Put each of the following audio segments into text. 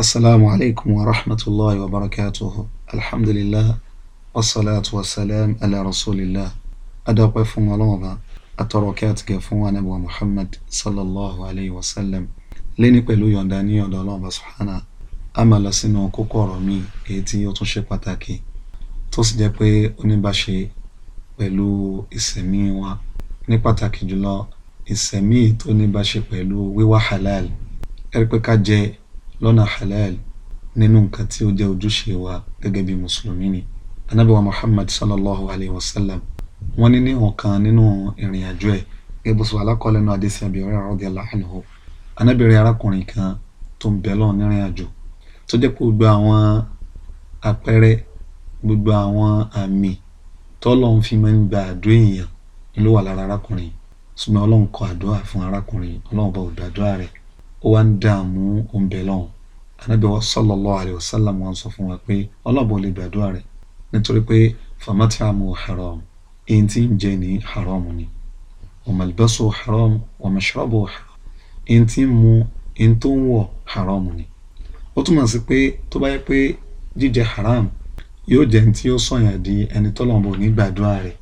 السلام عليكم ورحمة الله وبركاته الحمد لله والصلاة والسلام على رسول الله أدعو فون ولوبا أتركات كفون أبو محمد صلى الله عليه وسلم lẹ́ni pẹ̀lú yọ̀ǹda ní ọ̀dọ̀ ọlọ́run basùhánà a máa lọ sínú kókó ọ̀rọ̀ míì èyí tí ó tún ṣe pàtàkì tó sì jẹ́ pé ó ní bá ṣe pẹ̀lú ìsẹ̀mí wa ní pàtàkì jùlọ ìsẹ̀mí tó ní bá ṣe pẹ̀lú wíwá halal ẹ̀rí pé ká jẹ lọ́nà halal nínú nǹkan tí ó jẹ́ ojúṣe wa gẹ́gẹ́ bí mùsùlùmí ni anabi wa muhammad sallallahu alayhi wa sallam wọ́n ní ní ọ̀kan nínú ìrìn àjò ẹ̀ gẹ́gẹ́ bó sọ alákọ̀ọ́lẹ̀ náà adéṣe abiyọ̀rẹ́ radiyallahu anhu anábìrin arákùnrin kan tó ń bẹ̀ lọ́n nírìn àjò tó jẹ́ pé gbogbo àwọn àpẹẹrẹ gbogbo àwọn àmì tọ́lọ́hún fi máa ń gba àdó èèyàn ló wà lára arákùnrin ṣùgbọ́n ọlọ́run kọ àdúrà ó wá ń dààmú òǹbẹ̀lọ́n anábì wa sallallahu alayhi wa sallam wọn sọ fún wa pé ọlọ́bọ̀ lè gbàdúrà rẹ̀ nítorí pé famatamu haram èyí tí ń jẹ ní haram ni wa haram wa èyí tí ń mu èyí tó ń wọ̀ haram ni ó túmọ̀ sí pé tó bá yẹ pé jíjẹ haram yóò jẹ́ tí ó sọ̀yàn di ẹni tọ́lọ́mọbò ní gbàdúrà rẹ̀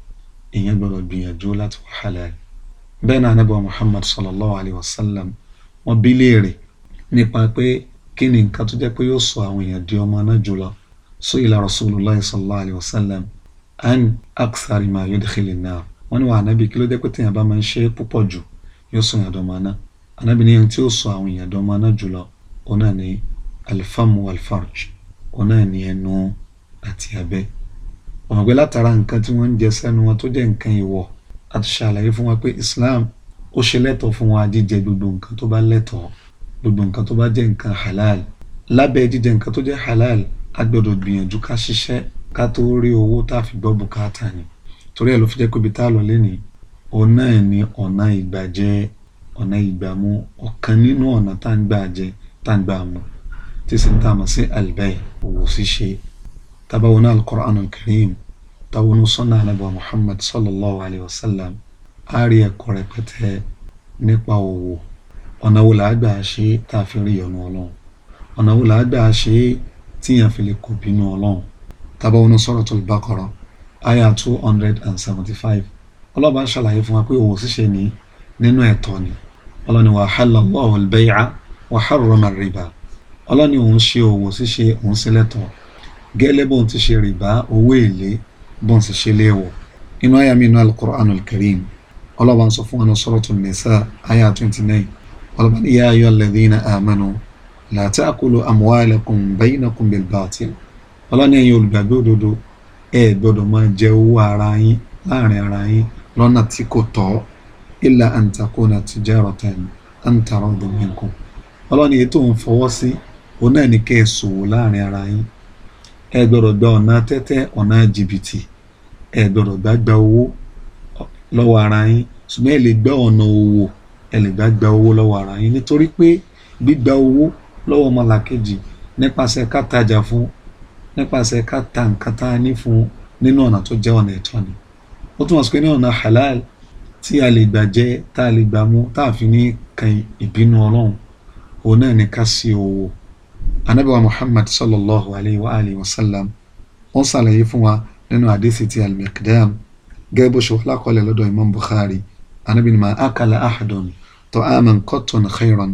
èèyàn gbọ́dọ̀ gbìyànjú láti wà halal bẹ́ẹ̀ náà anábì wa Muhammad sallallahu alayhi wa sallam wọ́n bí léèrè nípa pé kí ni nǹkan tó jẹ́ pé yóò sọ àwọn èèyàn di ọmọ náà jùlọ su'ila Rasulullahi sallallahu alayhi wa sallam an aksari ma yudkhili an-nar wọ́n ní wà ànábì kí ló jẹ́ pé téèyàn bá máa ń ṣe é púpọ̀ jù yóò sọ èèyàn dọmọ náà ànábì ní tí ó sọ àwọn èèyàn dọmọ náà jùlọ òun náà ni alfamu alfarj òun náà ni ẹnu àti abẹ́ ọ̀nà pé látara nǹkan tí wọ́n ń jẹ sẹ́nu wọn tó jẹ́ nǹkan ìwọ̀ àti ṣàlàyé fún wa pé Islam ó ṣe lẹ́tọ̀ọ́ fún wa jíjẹ gbogbo nǹkan tó bá lẹ́tọ̀ọ́ gbogbo nǹkan tó bá jẹ́ nǹkan halal lábẹ́ jíjẹ nǹkan tó jẹ́ halal a gbọ́dọ̀ gbìyànjú ká ṣiṣẹ́ ká tó rí owó tá a fi gbọ́ bùkátà ni torí ẹ̀ ló fi jẹ́ pé ibi tá a lọ lénìí òun náà ni ọ̀nà ìgbàjẹ ọ̀nà ìgbàmú ọ̀kan nínú ọ̀nà tá ń gbà tá ń gbà tí sì ń tà mọ́ sí albay òwò ṣíṣe tábàwọn Al-Qur'an Al-Karim táwọn Muhammad sallallahu alayhi wa sallam á rí ẹ̀kọ́ rẹpẹtẹ nípa òwò ọ̀nà wo làá gbà ṣe é tá a fi rí ìyọ́nú ọlọ́run ọ̀nà wo làá gbà ṣe é tíyàn fi lè kó bínú ọlọ́run tábà wọnú Suratul Baqara àyà two hundred and seventy five ọlọ́ba ṣàlàyé fún wa pé òwò ṣíṣe ní nínú ẹ̀tọ́ ni ọlọ́ni wa halallahu al-bay'a wa harrama ar-riba ọlọ́ni òun ṣe òwò ṣíṣe òun ṣe gẹ́lẹ́ bóun ti ṣe rìbá owó èlé bóun ti ṣe léèwọ̀ inú àyà mi inú ọlọ́ba ń sọ fún wọn Suratul Nisa aya twenty nine ọlọ́ba ní ya ayyuhal ladhina amanu la ta'kulu amwalakum baynakum bil batil ọlọ́ni ẹ̀yin olùgbàgbé òdodo ẹ gbọ́dọ̀ máa jẹ owó ara yín láàrin ara yín lọ́nà tí kò tọ́ illa an takuna tijaratan an taradun minkum ọlọ́ni èyí tó ń fọwọ́ sí òun náà kẹ́ ẹ ṣòwò láàrin ara yín ẹ gbọ́dọ̀ gba ọ̀nà tẹ́tẹ́ ọ̀nà jìbìtì ẹ gbọ́dọ̀ gbàgbà owó lọ́wọ́ ara yín ṣùgbọ́n ẹ lè gba ọ̀nà òwò ẹ lè gba gba owó lọ́wọ́ ara yín nítorí pé gbígba owó lọ́wọ́ ọmọlàkejì nípasẹ̀ ká tajà fún nípasẹ̀ ká ta nǹkan tá a ní fún nínú ọ̀nà tó jẹ́ ọ̀nà ẹ̀tọ́ ni ó túmọ̀ sí pé ní ọ̀nà halal tí a lè gbà jẹ tá a lè gbà mú tá a fi ní kan ìbínú ọlọ́run òun náà ni ká sí owó Ànábì Muhammad sallallahu alayhi wa alayhi wa sallam wọ́n ṣàlàyé fún wa nínú àdìsí ti al-Miqdam gẹ́gẹ́ bó ṣe wà lákọọ́lẹ̀ lọ́dọ̀ Imam Bukhari anabi ni ma akala ahadun ta'aman qattan khayran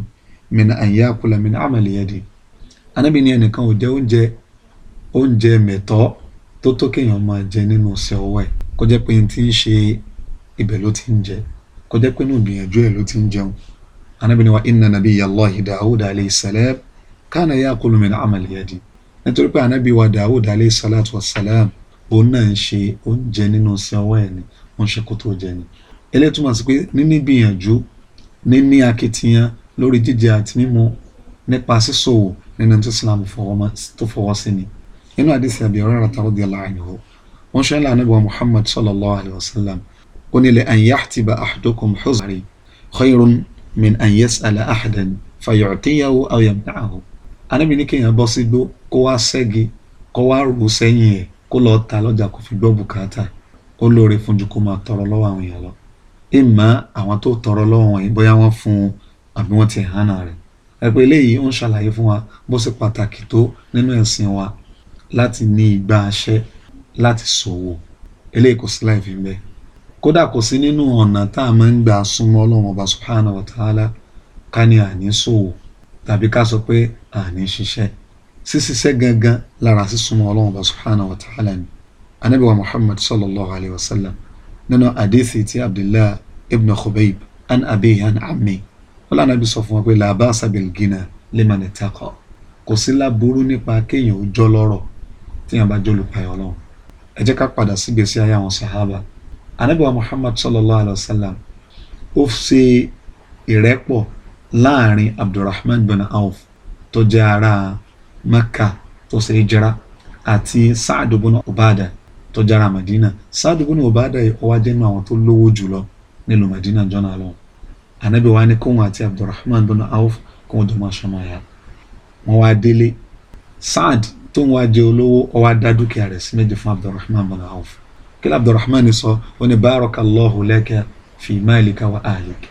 min an yakula min amali yadi anabi ni ẹnìkan ò jẹ oúnjẹ oúnjẹ mẹ̀tọ́ tó tó kéèyàn máa jẹ nínú ọ̀sẹ̀ ọwọ́ ẹ̀ kó jẹ́ pé n ti ń ṣe ibẹ̀ ló ti ń jẹ kó jẹ́ pé inú ìgbìyànjú ẹ̀ ló ti ń jẹun anabi ni wa inna nabiyallahi alayhi salam kana yakulu min amali nítorí pé anabi wa Dawud alayhi salatu wa salam òun náà ń ṣe oúnjẹ nínú sí ọwọ́ ẹ̀ ni wọ́n ṣe kó tó jẹ ni eléyìí túmọ̀ sí pé níní gbìyànjú níní akitiyan lórí jíjẹ àti mímu nípa sísòwò nínú tí Islam tó fọwọ́ sí ni inú àdìsí Abi Hurairah radiyallahu anhu wọ́n ṣe ń la Ànábì Muhammad sallallahu alayhi wa sallam ó ní la an yahtiba ahadukum huzari khayrun min an yas'ala ahadan fayu'tiyahu aw yamna'ahu Ànábì kéèyàn bọ́ sí gbó kó wá ṣẹ́gi kó wá rò sẹ́yìn ẹ̀ kó lọ ta lọ́jà kó fi gbọ́ bùkátà ó lóore fún ju kó máa tọrọ lọ́wọ́ àwọn èèyàn lọ ìmọ̀ àwọn tó tọrọ lọ́wọ́ wọn bóyá wọ́n fún un àbí ti hànà rẹ̀ ẹ̀pẹ́ eléyìí ó ń ṣàlàyé fún wa bó ṣe pàtàkì tó nínú ẹ̀sìn wa láti ní igba aṣẹ́ láti ṣòwò eléyìí kò sí láì fi bẹ́ẹ̀ kódà kò sí nínú ọ̀nà tá a máa ń gbà súnmọ́ ọlọ́run ọba subhanahu wa ta'ala ká ní àní ṣòwò tàbí sísísẹ́ gangan lára sísúnmọ́ ọlọ́run bá subhanahu wa ta'ala ni anabi wa muhammad sallallahu alayhi wa sallam nínú àdéhìí ti abdullah ibn khubayb an abiy an ami wọn lànà bí sọ fún wa pé làbá sabil gina liman ittaqa kò sí láburú nípa kéèyàn ó jọ lọ́rọ̀ téèyàn bá jọlù payọ ọlọ́run ẹ jẹ́ ká padà sí gbèsè ayé àwọn sahaba anabi muhammad sallallahu alayhi wa sallam ó ṣe ìrẹ́pọ̀ láàrin abdulrahman bin auf tó jẹ́ ara mẹ́kà tó ṣe hijira àti sáàdù bùnú ọ̀bàdà tó jára màdínà sáàdù bùnú ọ̀bàdà yìí ó wá jẹ́ nínú àwọn tó lówó jùlọ nílùú màdínà jọ́nà lọ́wọ́ anabi wa ni kóhun àti abdulrahman bin auf kóhun tó máa ṣọmọ ya wọn wá délé saad tó ń wá jẹ olówó ó wá dá dúkìá rẹ̀ sí méjì fún abdulrahman bin auf kílá abdulrahman sọ ó ní barakallahu laka fi malika wa ahlik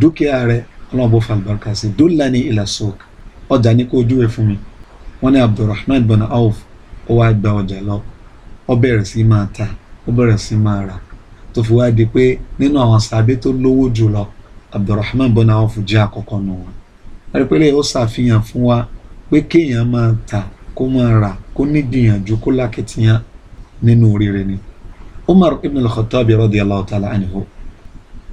dúkìá rẹ̀ ọlọ́run bó fa àlùbáríkà sí dullani ila suq ọjà ní kó júwe fún mi wọ́n ní abdulrahman bin auf ó wá gba ọjà lọ ó bẹ̀rẹ̀ sí máa ta ó bẹ̀rẹ̀ sí máa rà tó fi wá di pé nínú àwọn sàbẹ tó lówó jùlọ abdulrahman bin auf jẹ́ àkọ́kọ́ nù wọn. àrípẹ́lẹ́ ó ṣàfihàn fún wa pé kéèyàn máa ta kó máa rà kó nígbìyànjú kó lákìtìyàn nínú oríire ni. umar ibn al-khattabi radiyallahu ta'ala anhu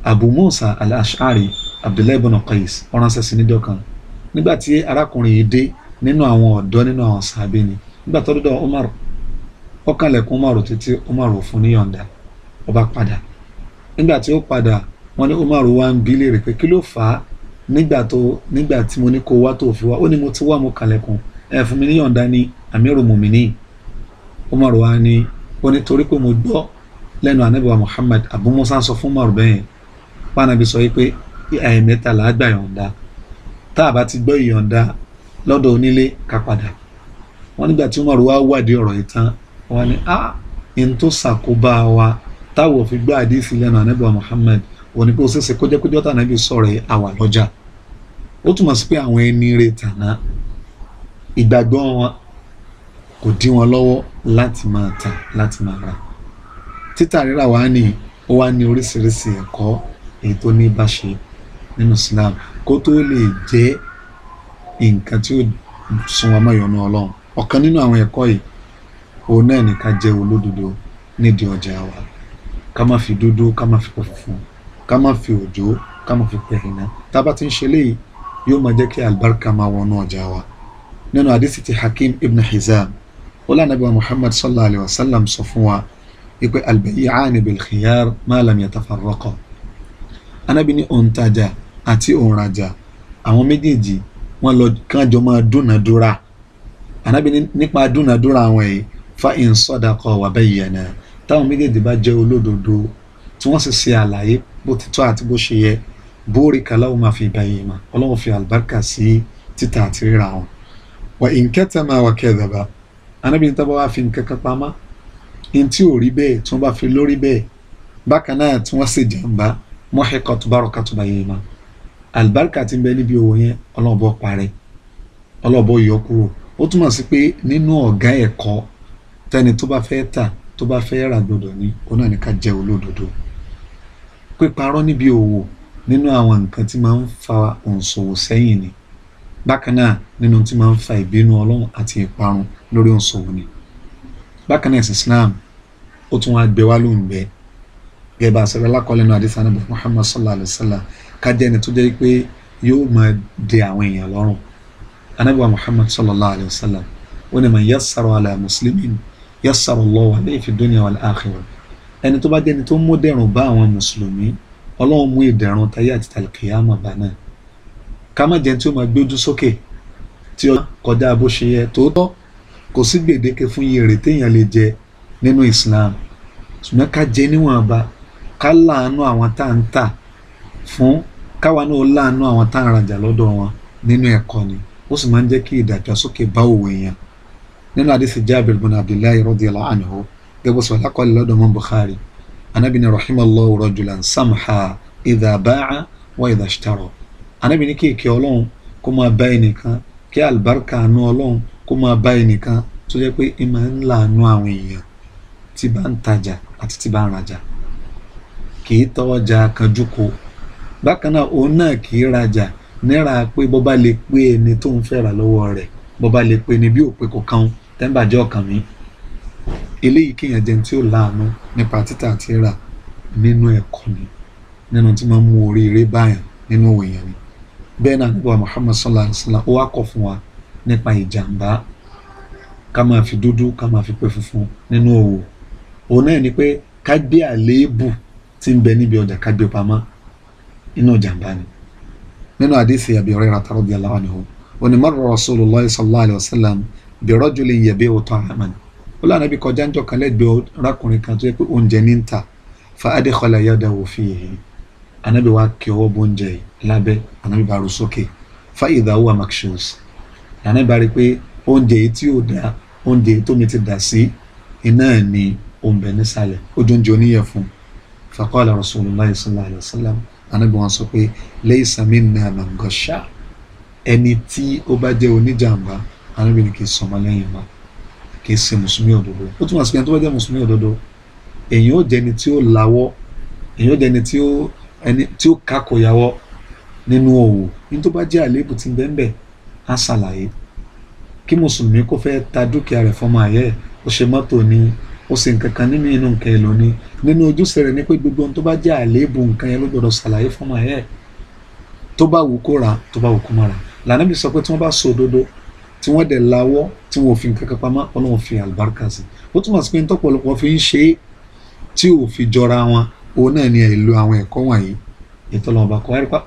abu musa al-ash'ari abdullahi bin qais ọ̀ránṣẹ́ sí níjọ́ nígbà tí arákùnrin yìí dé nínú àwọn ọ̀dọ́ nínú àwọn sàbí ni nígbà tó dọ́dọ̀ Umar ó kànlẹ̀kùn Umar títí Umar fún níyọ̀ǹda ó bá padà nígbà tí ó padà wọ́n ní Umar wá ń bi léèrè pé kí ló fà á nígbà tó nígbà tí mo ní kó wá tó fi wá ó ní mo ti wá mo kànlẹ̀kùn ẹ mi níyọ̀ǹda ní amiru mumini Umar wá ní ó ní torí pé mo gbọ́ lẹ́nu anábìwá Muhammad Abu Musa sọ fún Umar bẹ́ẹ̀ pàànàbí sọ yìí pé ẹ̀ẹ̀mẹ́ta làá gbà yọ̀ǹda tá a bá ti gbọ́ ìyọ̀ǹda lọ́dọ̀ onílé ká padà wọ́n nígbà tí Umaru wá wádìí ọ̀rọ̀ yìí tán wọ́n ní a ah, n tó ṣàkóbá wa táwọ̀ fi gbá àdìsí lẹ́nu anábìá Muhammad wọ́n ní pé ó ṣeéṣe kó jẹ́ pé dọ́tà anábì sọ̀rọ̀ yìí àwà lọ́jà ó túmọ̀ sí pé àwọn ẹni rè tàná ìgbàgbọ́ wọn kò dí wọn lọ́wọ́ láti máa tà láti máa rà títà rírà wá ní ó wá ní oríṣiríṣi ẹ̀kọ́ èyí tó ní bá ṣe nínú Islam kó tó lè jẹ́ nǹkan tí ó sun wa mọ́yọ̀nù ọlọ́run ọ̀kan nínú àwọn ẹ̀kọ́ yìí òun náà ní ká jẹ́ olódodo nídìí ọjà wa ká má fi dúdú ká má fi pẹ̀ funfun ká má fi òjò ká má fi pẹ̀ iná tá a bá ti ń ṣe léyìí yóò máa jẹ́ kí albarka máa wọnú ọjà wa nínú àdìsí Hakim ibn Hizam wọlé anabi wa Muhammad sallallahu alayhi wa sallam sọ fún wa ipe albayi'ani bilkhiyar ma lam yatafarraqa anabi ní òǹtajà àti òǹrajà àwọn méjèèjì wọ́n lọ kán jọ máa dúnàdúrà ànábì nípa dúnàdúrà àwọn yìí fa in sadaqa wa bayyana táwọn méjèèjì bá jẹ́ olódodo tí wọ́n sì ṣe àlàyé bó ti tọ́ àti bó ṣe yẹ bórika láwọn máa fi bẹ̀yìn mà ọlọ́run fi àlùbáríkà sí títà àti ríra wọn. wà ìǹkẹ́tẹ̀mà wà kẹ́dàbà anábì ní tábà wá fi nǹkan kan pamọ́ ní tí ò rí bẹ́ẹ̀ tí wọ́n bá fi lórí bẹ́ẹ̀ bákan náà tí wọ́n sì jàǹbá mọ́hẹ́kọ̀tù àlùbáríkà ti ń bẹ níbi òwò yẹn ọlọ́ọ̀bọ parẹ́ ọlọ́ọ̀bọ yọ kúrò ó túmọ̀ sí pé nínú ọ̀gá ẹ̀kọ́ tẹni tó bá fẹ́ tà tó bá fẹ́ rà gbọdọ̀ ní ó náà ní ká jẹ́ olódodo píparọ́ níbi òwò nínú àwọn nǹkan tí máa ń fa òǹṣòwò sẹ́yìn ni bákan náà nínú tí máa ń fa ìbínú ọlọ́run àti ìparun lórí òǹṣòwò ni bákan náà ẹ̀sìn Islam ó tún wá gbé wá lóhùn gbẹ gẹ́gẹ́ bá a sọ pé alákọ̀ọ́lẹ̀ náà adéṣánà bẹ̀ Muhammad sallallahu alayhi wa sallam kájẹ́ni tó jẹ́ pé yóò máa de àwọn èèyàn lọ́rùn anábìwá muhammad sallallahu alayhi wa sallam ó ní man yassara ala muslimin yassara Allahu alayhi fi dunya wal akhirah ẹni tó bá jẹ́ni tó mú dẹ̀rùn bá àwọn mùsùlùmí ọlọ́run mú ìdẹ̀rùn táyé àti tàlùkìyàmà bá ká má jẹ́ tí ó máa gbójú sókè tí ó kọjá bó ṣe yẹ tòótọ́ kò sí gbèdéke fún iye èrè téèyàn lè jẹ nínú Islam ṣùgbọ́n ká jẹ níwọ̀nba ká láàánú àwọn tá à ń tà fún káwa náà láàánú àwọn tá à ń rajà lọ́dọ̀ wọn nínú ẹ̀kọ́ ni ó sì máa ń jẹ́ kí ìdàgbàsókè bá òwe yẹn nínú àdìsí Jabir bin Abdullahi radiyallahu anhu gẹ́gbẹ́ sọ lákọ́lẹ̀ lọ́dọ̀ mọ́ Bukhari anabi ni rahimallahu rajulan samha idha ba'a wa idha ishtara anabi ni kéèké ọlọ́run kó máa bá ẹnìkan kí àlùbáríkà àánú ọlọ́run kó máa bá ẹnìkan tó jẹ́ pé ẹ ń láàánú àwọn èèyàn tí bá ń tajà àti tí bá ń rajà kì í tọ́wọ́ ja kanjúko bákan náà òun náà kì í rajà náírà pé bó bá lè pé ẹni tó ń fẹ́ rà lọ́wọ́ rẹ̀ bó bá lè pé ni bí òpè kò kan tẹ́ńbàjẹ́ ọkàn mi eléyìí kéèyàn jẹun tí ó láàánú nípa títà àti rà nínú ẹ̀kọ́ ni nínú tí máa ń mú oríire báyàn nínú òyìn ni bẹ́ẹ̀ náà nígbà Muhammad sallallahu alayhi wa sallam ó wá kọ̀ fún wa nípa ìjàmbá ká máa fi dúdú ká máa fi pé funfun nínú òwò òun náà ni pé ká gbé àléébù tí ń bẹ níbi ọjà ká gbé pamọ́ inú jàǹbá ni nínú àdìsí Abi Hurairah radiyallahu anhu ó ní marra Rasulullah sallallahu alayhi wa sallam bi rajulin yabi'u ta'aman ó lànà bí kọjá ń jọ kan lẹ́gbẹ̀ẹ́ rákùnrin kan tó yẹ pé oúnjẹ ní ń ta fa adkhala yadahu fihi anabi wa kí ọwọ́ bó oúnjẹ yìí lábẹ́ anabi bá ru sókè fa idha huwa makshus anabi bá rí pé oúnjẹ yìí tí ò dá oúnjẹ yìí tómi ti dà sí iná ẹ̀ oúnjẹ nísàlẹ̀ ojú oúnjẹ oníyẹ̀fun fa qala sallallahu alayhi wa sallam anábì wọn sọ pé lẹ́yìn sami náà nà ń gọ́ṣà ẹni tí ó bá jẹ́ oníjàmbá anábì ni kì í sọmọ lẹ́yìn wa kì í ṣe mùsùlùmí òdodo ó túmọ̀ sí pé ẹni tó bá jẹ́ mùsùlùmí òdodo èyàn ó jẹni tí ó lawọ́ èyàn ó jẹni tí ó ẹni tí ó kakòyàwọ́ nínú òwò ní tó bá jẹ́ àléébù ti bẹ́ẹ̀ á ṣàlàyé kí mùsùlùmí kò fẹ́ ta dúkìá rẹ̀ fọmọ àyẹ́ ó ṣe mọ́tò ní ó ṣe nínú inú nǹkan ẹ lọ ni nínú ojúṣe rẹ ni pé gbogbo ohun tó bá jẹ́ àléébù nǹkan yẹn ló gbọ́dọ̀ ṣàlàyé fún ọmọ ẹ̀ tó bá wù kó ra tó bá wù kó má ra lànà bí sọ pé tí wọ́n bá sọ òdodo tí wọ́n dẹ̀ lawọ́ tí wọ́n fi nǹkan kan pamọ́ ọlọ́wọ́n fi àlùbáríkà sí ó túmọ̀ sí pé ní tọ́pọ̀lọpọ̀ fi ń ṣe é tí ò fi jọra wọn òun náà ni èlò àwọn ẹ̀kọ́ wọ̀nyí ètò ọlọ́ọ̀bá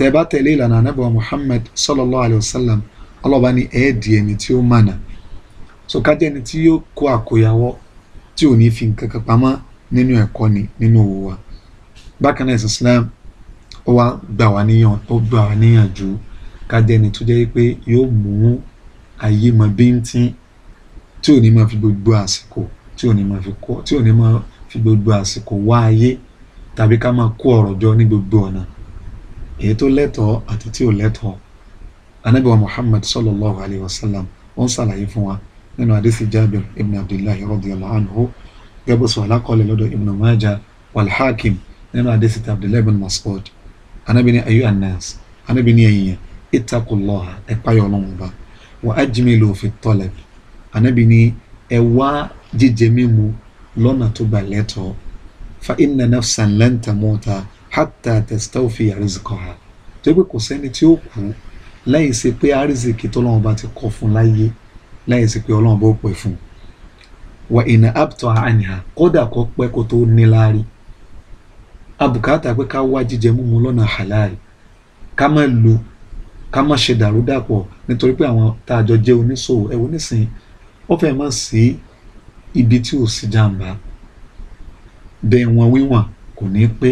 wa bá tẹ̀lé ìlànà Muhammad sallallahu alayhi wa ọlọ́ba ni ẹ̀ di ẹni tí ó mànà so kájẹ́ ẹni tí yóò kó àkóyawọ́ tí ò ní fi nǹkan kan pamọ́ nínú ẹ̀kọ́ ni nínú òwò wa bákan náà Islam ó wá gbà wá níyàn ó gbà wá níyànjú kájẹ́ ẹni tó jẹ́ pé yóò mú ayé mọ bíntín tí ò ní máa fi gbogbo àsìkò tí ò ní máa fi kọ tí ò ní máa fi gbogbo àsìkò wá ayé tàbí ká máa kó ọ̀rọ̀ jọ ní gbogbo ọ̀nà èyí tó lẹ́tọ̀ọ́ àti tí ò lẹ́tọ̀ọ́ anabi wa muhammad sallallahu alayhi wa sallam wọ́n ṣàlàyé fún wa nínú àdìsí jabir ibn abdullahi radiyallahu anhu gẹ́gbẹ́ sọ alákọọ́lẹ̀ lọ́dọ̀ ibn maja walhakim nínú àdìsí ti abdullahi ibn mas'ud anabi ni ayu anas anabi ni ẹ̀yìn ittaqullaha ẹ páyọ̀ ọlọ́run ọba wa ajmilu fi talab anabi ni ẹ wá jíjẹ mímu lọ́nà tó bá lẹ́tọ̀ọ́ fa inna nafsan lan tamuta hatta tastawfi rizqaha tó yẹ kò sẹ́ni tí ó kú láì ṣe pé àrísìkì tọ́lọ́run bá ti kọ fún láyé láì ṣe pé ọlọ́run bó pẹ́ fún un wà ìnà àpùtọ̀ àníhà kódà kó pẹ́ kó tó níláárí abùkátà pé ká wá jíjẹ múmu lọ́nà halali ká má lu ká má ṣe dàrúdàpọ̀ nítorí pé àwọn tá a jọ jẹ́ oníṣòwò ẹ̀wọ̀n nísìnyí wọ́n fẹ́ má sí ibi tí ò sí jàǹbá bẹ́ẹ̀ wọn wíwọ̀n kò ní pé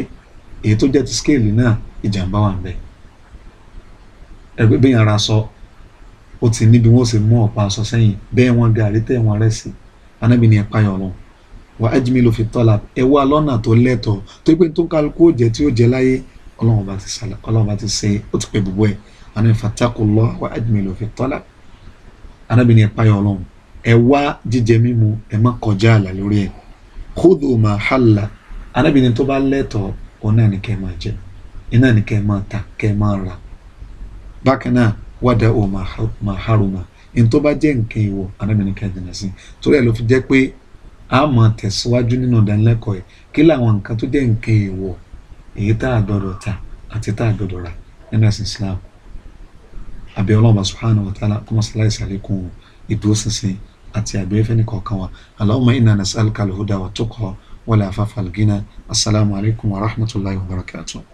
èyí tó jẹ́ ti scale náà ìjàǹbá wà ń bẹ́ẹ̀ ẹgbẹ́ bẹ́ẹ̀ yẹn ra sọ ó ti níbi wọn ó sì mú ọ̀pá aṣọ sẹ́yìn bẹ́ẹ̀ wọn gàrí tẹ̀ wọn rẹ̀ sí anábì ní ẹ̀pá yọ̀ lọ́wọ́ wà á jìmí ló fi tọ́lá ẹ wá lọ́nà tó lẹ́tọ̀ọ́ tó pé tó ń kálukú òjẹ́ tí ó jẹ́ láyé ọlọ́run bá ti ṣe ó ti pẹ́ bùbọ́ ẹ̀ àná ìfàtàkùn lọ wà á jìmí ló fi tọ́lá anábì ní ẹ̀pá yọ̀ lọ́wọ́ ẹ wá jíjẹ mímu ẹ má kọjá àlà lórí ẹ̀ kódò máa hàlà anábì ní tó bá lẹ́tọ̀ọ́ òun náà ní kẹ́ máa jẹ iná ní kẹ́ máa ta kẹ́ máa rà bákan náà wàdà ò máa haruma ní tó bá jẹ́ nǹkan ìwọ̀ anábìnrin kan jìnnà sí torí ẹ̀ ló fi jẹ́ pé a máa tẹ̀síwájú nínú ìdánilẹ́kọ̀ọ́ yìí kí làwọn nǹkan tó jẹ́ nǹkan ìwọ̀ èyí tá a gbọ́dọ̀ ta àti tá a gbọ́dọ̀ rà nínú ẹ̀sìn Islam àbí Ọlọ́hun subhanahu wa ta'ala kọ́mọ́ síláìsì àlékún ìdúróṣinṣin àti àgbẹ̀fẹ́ ní kọ̀ọ̀kan wa Allahumma inna nas'aluka al-huda wa tuqa wal afafa wal assalamu alaikum wa rahmatullahi wa barakatuh.